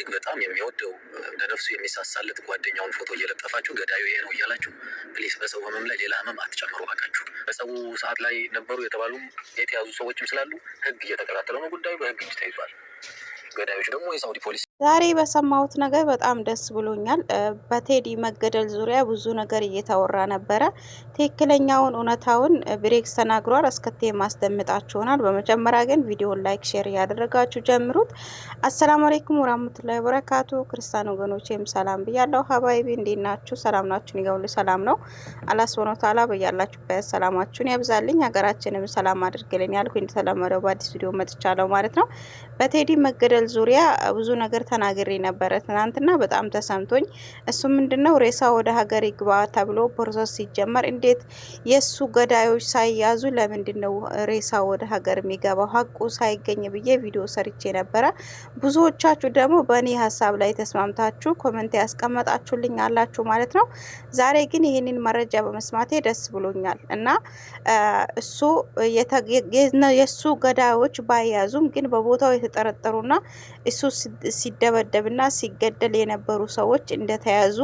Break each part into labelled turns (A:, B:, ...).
A: እጅግ በጣም የሚወደው ለነፍሱ የሚሳሳለት ጓደኛውን ፎቶ እየለጠፋችሁ ገዳዩ ይሄ ነው እያላችሁ ፕሊስ በሰው ህመም ላይ ሌላ ህመም አትጨምሩ እባካችሁ። በሰው ሰዓት ላይ ነበሩ የተባሉ የተያዙ ሰዎችም ስላሉ ህግ እየተከታተለ ነው ጉዳዩ፣ በህግ እጅ ተይዟል። ገዳዮች ደግሞ የሳውዲ ፖሊስ
B: ዛሬ በሰማሁት ነገር በጣም ደስ ብሎኛል። በቴዲ መገደል ዙሪያ ብዙ ነገር እየተወራ ነበረ። ትክክለኛውን እውነታውን ብሬክስ ተናግሯል። እስከቴ ማስደምጣችሁ ይሆናል። በመጀመሪያ ግን ቪዲዮን ላይክ፣ ሼር እያደረጋችሁ ጀምሩት። አሰላሙ አለይኩም ወራህመቱላሂ ወበረካቱ። ክርስቲያን ወገኖቼም ሰላም ብያለሁ። ሀባይቢ እንዴት ናችሁ? ሰላም ናችሁን? ይገውል ሰላም ነው። አላህ ሱብሃነሁ ወተዓላ በያላችሁበት ሰላማችሁን ያብዛልኝ፣ ሀገራችንም ሰላም አድርግልን ያልኩ እንደተለመደው በአዲስ ቪዲዮ መጥቻለሁ ማለት ነው። በቴዲ መገደል ዙሪያ ብዙ ነገር ተናግሬ ነበረ ትናንትና በጣም ተሰምቶኝ። እሱ ምንድነው ሬሳ ወደ ሀገር ይግባ ተብሎ ፕሮሰስ ሲጀመር እንዴት የእሱ ገዳዮች ሳይያዙ ለምንድነው ሬሳ ወደ ሀገር የሚገባው ሀቁ ሳይገኝ ብዬ ቪዲዮ ሰርቼ ነበረ። ብዙዎቻችሁ ደግሞ በእኔ ሀሳብ ላይ ተስማምታችሁ ኮመንት ያስቀመጣችሁልኝ አላችሁ ማለት ነው። ዛሬ ግን ይህንን መረጃ በመስማቴ ደስ ብሎኛል እና እሱ የእሱ ገዳዮች ባይያዙም ግን በቦታው የተጠረጠሩና እሱ ሲ ሲደበደብና ሲገደል የነበሩ ሰዎች እንደተያዙ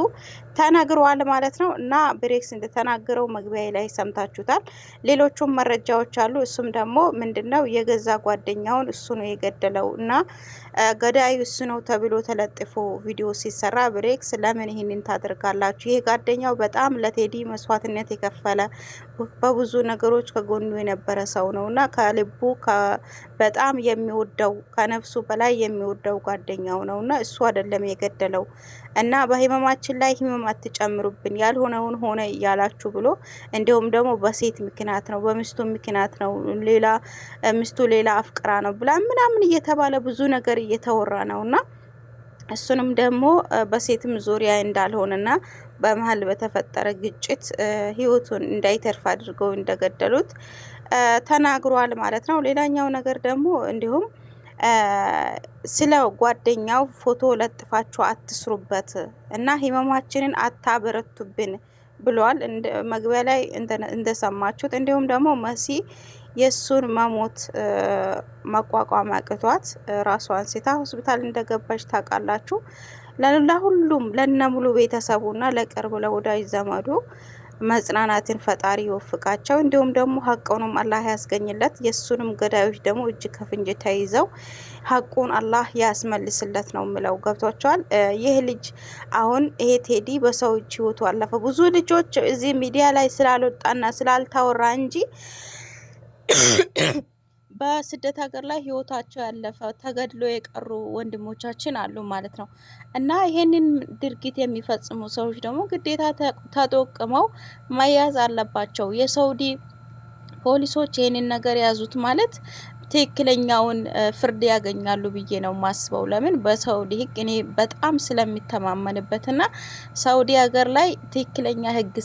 B: ተነግሯል ማለት ነው። እና ብሬክስ እንደተናገረው መግቢያ ላይ ሰምታችሁታል። ሌሎቹም መረጃዎች አሉ። እሱም ደግሞ ምንድን ነው የገዛ ጓደኛውን እሱ ነው የገደለው እና ገዳዩ እሱ ነው ተብሎ ተለጥፎ ቪዲዮ ሲሰራ ብሬክስ ለምን ይህንን ታደርጋላችሁ? ይሄ ጓደኛው በጣም ለቴዲ መስዋዕትነት የከፈለ በብዙ ነገሮች ከጎኑ የነበረ ሰው ነው እና ከልቡ በጣም የሚወደው ከነፍሱ በላይ የሚወደው ጓደኛው ነው እና እሱ አይደለም የገደለው እና በህመማችን ላይ ህመም አትጨምሩብን፣ ያልሆነውን ሆነ እያላችሁ ብሎ እንዲሁም ደግሞ በሴት ምክንያት ነው በሚስቱ ምክንያት ነው ሌላ ሚስቱ ሌላ አፍቅራ ነው ብላ ምናምን እየተባለ ብዙ ነገር እየተወራ ነው እና እሱንም ደግሞ በሴትም ዙሪያ እንዳልሆነና በመሀል በተፈጠረ ግጭት ህይወቱን እንዳይተርፍ አድርገው እንደገደሉት ተናግሯል ማለት ነው። ሌላኛው ነገር ደግሞ እንዲሁም ስለ ጓደኛው ፎቶ ለጥፋችሁ አትስሩበት እና ህመማችንን አታበረቱብን ብሏል። መግቢያ ላይ እንደሰማችሁት እንዲሁም ደግሞ መሲ የእሱን መሞት መቋቋም አቅቷት ራሷን ስታ ሆስፒታል እንደገባች ታውቃላችሁ። ለሁሉም ለነሙሉ ቤተሰቡና ለቅርብ ለወዳጅ ዘመዱ መጽናናትን ፈጣሪ ይወፍቃቸው። እንዲሁም ደግሞ ሀቁንም አላህ ያስገኝለት። የእሱንም ገዳዮች ደግሞ እጅ ከፍንጅ ተይዘው ሀቁን አላህ ያስመልስለት ነው ምለው። ገብቷቸዋል። ይህ ልጅ አሁን ይሄ ቴዲ በሰው እጅ ህይወቱ አለፈ። ብዙ ልጆች እዚህ ሚዲያ ላይ ስላልወጣና ስላልታወራ እንጂ በስደት ሀገር ላይ ህይወታቸው ያለፈ ተገድሎ የቀሩ ወንድሞቻችን አሉ ማለት ነው እና ይሄንን ድርጊት የሚፈጽሙ ሰዎች ደግሞ ግዴታ ተጠቅመው መያዝ አለባቸው። የሳውዲ ፖሊሶች ይህንን ነገር ያዙት ማለት ትክክለኛውን ፍርድ ያገኛሉ ብዬ ነው ማስበው ለምን በሳውዲ ህግ እኔ በጣም ስለሚተማመንበትና ሳውዲ ሀገር ላይ ትክክለኛ ህግ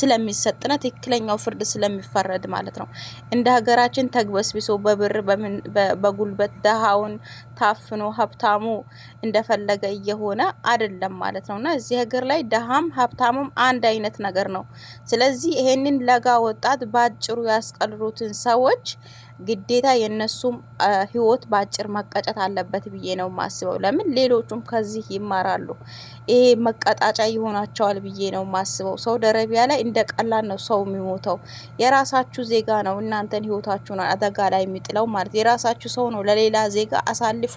B: ስለሚሰጥና ትክክለኛው ፍርድ ስለሚፈረድ ማለት ነው። እንደ ሀገራችን ተግበስብሶ በብር በጉልበት ደሃውን ታፍኖ ሀብታሙ እንደፈለገ እየሆነ አይደለም ማለት ነውና እዚህ ሀገር ላይ ደሃም ሀብታሙም አንድ አይነት ነገር ነው። ስለዚህ ይሄንን ለጋ ወጣት በአጭሩ ያስቀልሩትን ሰዎች ግዴታ የእነሱም ህይወት በአጭር መቀጨት አለበት ብዬ ነው ማስበው። ለምን ሌሎቹም ከዚህ ይማራሉ። ይሄ መቀጣጫ ይሆናቸዋል ብዬ ነው ማስበው። ሳውዲ አረቢያ ላይ እንደ ቀላል ነው ሰው የሚሞተው። የራሳችሁ ዜጋ ነው እናንተን ህይወታችሁን አደጋ ላይ የሚጥለው ማለት የራሳችሁ ሰው ነው ለሌላ ዜጋ አሳልፎ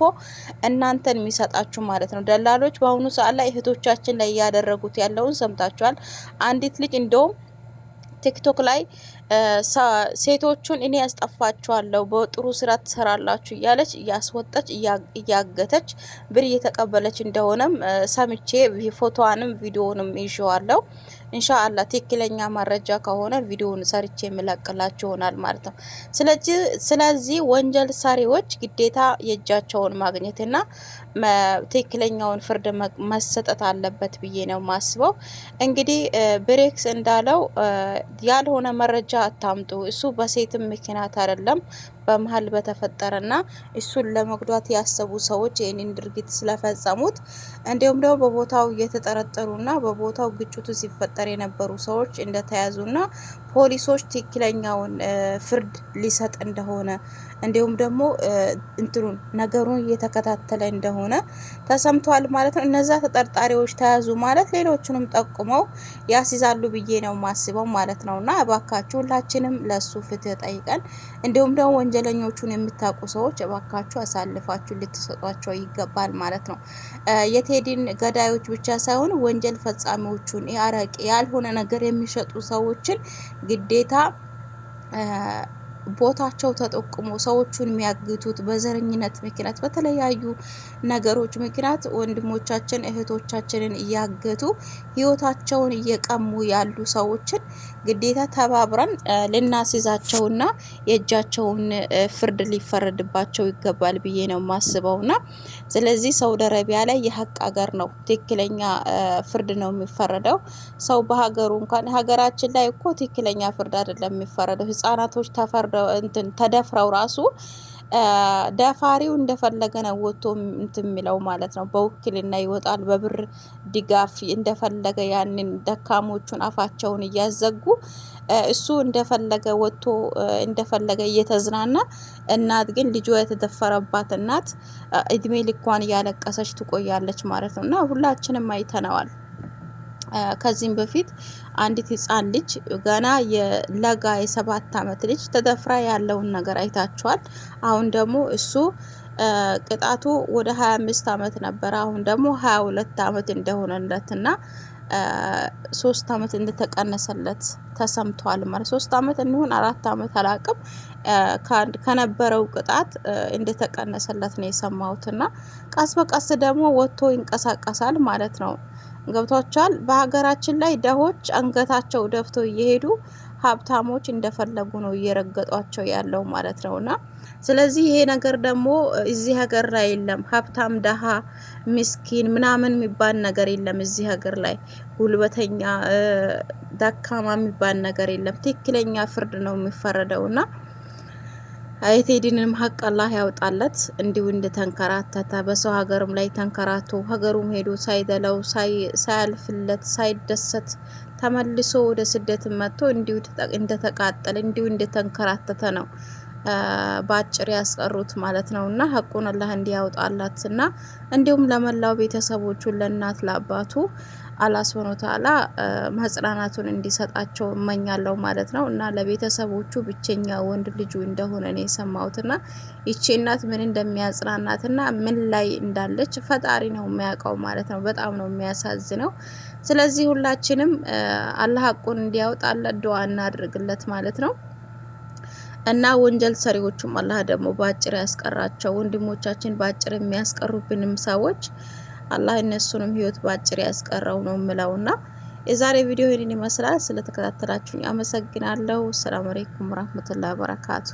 B: እናንተን የሚሰጣችሁ ማለት ነው። ደላሎች በአሁኑ ሰዓት ላይ እህቶቻችን ላይ እያደረጉት ያለውን ሰምታችኋል። አንዲት ልጅ እንደውም ቲክቶክ ላይ ሴቶቹን እኔ ያስጠፋችኋለሁ፣ በጥሩ ስራ ትሰራላችሁ እያለች እያስወጣች እያገተች ብር እየተቀበለች እንደሆነም ሰምቼ ፎቶዋንም ቪዲዮንም ይዤዋለሁ። እንሻአላ ትክክለኛ መረጃ ከሆነ ቪዲዮውን ሰርቼ የምለቅላችሁ ይሆናል ማለት ነው። ስለዚህ ወንጀል ሰሪዎች ግዴታ የእጃቸውን ማግኘትና ትክክለኛውን ፍርድ መሰጠት አለበት ብዬ ነው ማስበው። እንግዲህ ብሬክስ እንዳለው ያልሆነ መረጃ ብቻ አታምጡ። እሱ በሴትም ምክንያት አይደለም በመሀል በተፈጠረና እሱን ለመጉዳት ያሰቡ ሰዎች ይህንን ድርጊት ስለፈጸሙት እንዲሁም ደግሞ በቦታው እየተጠረጠሩና በቦታው ግጭቱ ሲፈጠር የነበሩ ሰዎች እንደተያዙና ፖሊሶች ትክክለኛውን ፍርድ ሊሰጥ እንደሆነ እንዲሁም ደግሞ እንትኑን ነገሩን እየተከታተለ እንደሆነ ተሰምተዋል ማለት ነው። እነዛ ተጠርጣሪዎች ተያዙ ማለት ሌሎችንም ጠቁመው ያስይዛሉ ብዬ ነው ማስበው ማለት ነው። እና እባካችሁ ሁላችንም ለሱ ፍትህ ጠይቀን እንዲሁም ደግሞ ወንጀለኞቹን የምታውቁ ሰዎች እባካችሁ አሳልፋችሁ ልትሰጧቸው ይገባል ማለት ነው። የቴዲን ገዳዮች ብቻ ሳይሆን ወንጀል ፈጻሚዎቹን አረቄ ያልሆነ ነገር የሚሸጡ ሰዎችን ግዴታ ቦታቸው ተጠቁሞ ሰዎቹን የሚያግቱት በዘረኝነት ምክንያት በተለያዩ ነገሮች ምክንያት ወንድሞቻችን እህቶቻችንን እያገቱ ህይወታቸውን እየቀሙ ያሉ ሰዎችን ግዴታ ተባብረን ልናስይዛቸውና የእጃቸውን ፍርድ ሊፈረድባቸው ይገባል ብዬ ነው የማስበውና ስለዚህ ሳውዲ አረቢያ ላይ የሀቅ ሀገር ነው። ትክክለኛ ፍርድ ነው የሚፈረደው። ሰው በሀገሩ እንኳን ሀገራችን ላይ እኮ ትክክለኛ ፍርድ አይደለም የሚፈረደው። ህጻናቶች ተፈርደው እንትን ተደፍረው ራሱ ደፋሪው እንደፈለገ ነው ወጥቶ እንትን የሚለው ማለት ነው። በውክልና ይወጣል፣ በብር ድጋፍ እንደፈለገ ያንን ደካሞቹን አፋቸውን እያዘጉ እሱ እንደፈለገ ወጥቶ እንደፈለገ እየተዝናና፣ እናት ግን ልጇ የተደፈረባት እናት እድሜ ልኳን እያለቀሰች ትቆያለች ማለት ነው። እና ሁላችንም አይተነዋል ከዚህም በፊት አንዲት ህፃን ልጅ ገና የለጋ የሰባት ዓመት ልጅ ተደፍራ ያለውን ነገር አይታችኋል። አሁን ደግሞ እሱ ቅጣቱ ወደ 25 ዓመት ነበር። አሁን ደግሞ 22 ዓመት እንደሆነለትና ሶስት ዓመት እንደተቀነሰለት ተሰምቷል። ማለት ሶስት ዓመት እንሆን አራት ዓመት አላቅም ከነበረው ቅጣት እንደተቀነሰለት ነው እና ቀስ በቀስ ደግሞ ወጥቶ ይንቀሳቀሳል ማለት ነው። ገብቷቸዋል። በሀገራችን ላይ ደሆች አንገታቸው ደፍቶ እየሄዱ ሀብታሞች እንደፈለጉ ነው እየረገጧቸው ያለው ማለት ነው እና ስለዚህ ይሄ ነገር ደግሞ እዚህ ሀገር ላይ የለም። ሀብታም፣ ደሃ፣ ምስኪን ምናምን የሚባል ነገር የለም። እዚህ ሀገር ላይ ጉልበተኛ፣ ደካማ የሚባል ነገር የለም። ትክክለኛ ፍርድ ነው የሚፈረደው እና የቴዲንም ሀቅ አላህ ያውጣለት። እንዲሁ እንደተንከራተተ በሰው ሀገርም ላይ ተንከራቶ ሀገሩም ሄዶ ሳይደለው ሳያልፍለት ሳይደሰት ተመልሶ ወደ ስደት መጥቶ እንዲሁ እንደተቃጠለ እንዲሁ እንደተንከራተተ ነው። በአጭር ያስቀሩት ማለት ነው እና ሀቁን አላህ እንዲያውጣላት እና እንዲሁም ለመላው ቤተሰቦቹ ለእናት ለአባቱ አላህ ሱብሃነሁ ወተዓላ መጽናናቱን እንዲሰጣቸው እመኛለሁ ማለት ነው እና ለቤተሰቦቹ ብቸኛ ወንድ ልጁ እንደሆነ ነው እና ይቺ እናት ምን እንደሚያጽናናትና ምን ላይ እንዳለች ፈጣሪ ነው የሚያውቀው ማለት ነው። በጣም ነው የሚያሳዝነው። ስለዚህ ሁላችንም አላህ ሀቁን እንዲያወጣለት ዱዓ እናድርግለት ማለት ነው። እና ወንጀል ሰሪዎቹም አላህ ደግሞ በአጭር ያስቀራቸው። ወንድሞቻችን በአጭር የሚያስቀሩብንም ሰዎች አላህ እነሱንም ህይወት በአጭር ያስቀረው ነው ና የዛሬ ቪዲዮ ይህንን ይመስላል። ስለተከታተላችሁኝ አመሰግናለሁ። ሰላም አለይኩም ወራህመቱላሂ ወበረካቱ።